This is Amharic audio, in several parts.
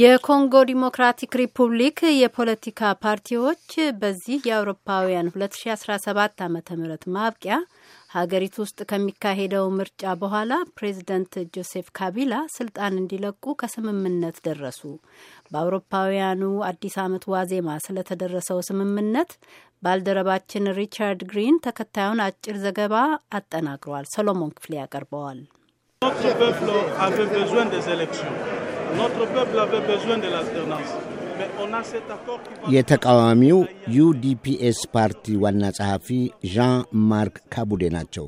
የኮንጎ ዲሞክራቲክ ሪፑብሊክ የፖለቲካ ፓርቲዎች በዚህ የአውሮፓውያን 2017 ዓ ም ማብቂያ ሀገሪቱ ውስጥ ከሚካሄደው ምርጫ በኋላ ፕሬዚደንት ጆሴፍ ካቢላ ስልጣን እንዲለቁ ከስምምነት ደረሱ። በአውሮፓውያኑ አዲስ ዓመት ዋዜማ ስለተደረሰው ስምምነት ባልደረባችን ሪቻርድ ግሪን ተከታዩን አጭር ዘገባ አጠናቅሯል። ሰሎሞን ክፍሌ ያቀርበዋል። የተቃዋሚው ዩዲፒኤስ ፓርቲ ዋና ጸሐፊ ዣን ማርክ ካቡዴ ናቸው።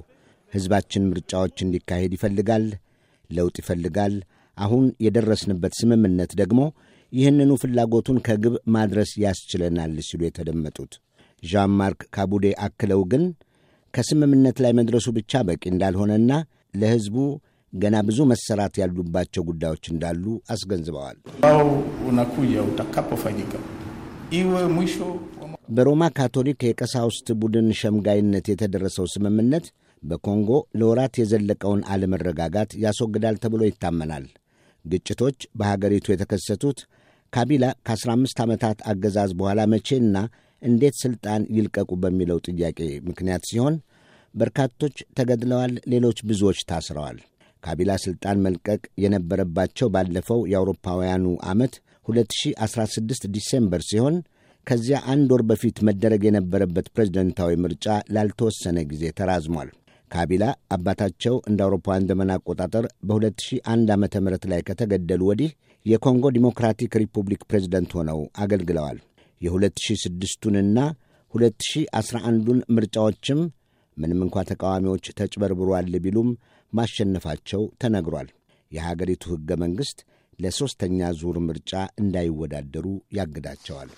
ሕዝባችን ምርጫዎች እንዲካሄድ ይፈልጋል፣ ለውጥ ይፈልጋል። አሁን የደረስንበት ስምምነት ደግሞ ይህንኑ ፍላጎቱን ከግብ ማድረስ ያስችለናል ሲሉ የተደመጡት ዣን ማርክ ካቡዴ አክለው ግን ከስምምነት ላይ መድረሱ ብቻ በቂ እንዳልሆነና ለሕዝቡ ገና ብዙ መሰራት ያሉባቸው ጉዳዮች እንዳሉ አስገንዝበዋል። በሮማ ካቶሊክ የቀሳውስት ቡድን ሸምጋይነት የተደረሰው ስምምነት በኮንጎ ለወራት የዘለቀውን አለመረጋጋት ያስወግዳል ተብሎ ይታመናል። ግጭቶች በሀገሪቱ የተከሰቱት ካቢላ ከ15 ዓመታት አገዛዝ በኋላ መቼና እንዴት ሥልጣን ይልቀቁ በሚለው ጥያቄ ምክንያት ሲሆን በርካቶች ተገድለዋል፣ ሌሎች ብዙዎች ታስረዋል። ካቢላ ሥልጣን መልቀቅ የነበረባቸው ባለፈው የአውሮፓውያኑ ዓመት 2016 ዲሴምበር ሲሆን ከዚያ አንድ ወር በፊት መደረግ የነበረበት ፕሬዝደንታዊ ምርጫ ላልተወሰነ ጊዜ ተራዝሟል። ካቢላ አባታቸው እንደ አውሮፓውያን ዘመን አቆጣጠር በ2001 ዓ ም ላይ ከተገደሉ ወዲህ የኮንጎ ዲሞክራቲክ ሪፑብሊክ ፕሬዝደንት ሆነው አገልግለዋል። የ2006ቱንና 2011ዱን ምርጫዎችም ምንም እንኳ ተቃዋሚዎች ተጭበርብሯል ቢሉም ማሸነፋቸው ተነግሯል። የሀገሪቱ ሕገ መንግሥት ለሦስተኛ ዙር ምርጫ እንዳይወዳደሩ ያግዳቸዋል።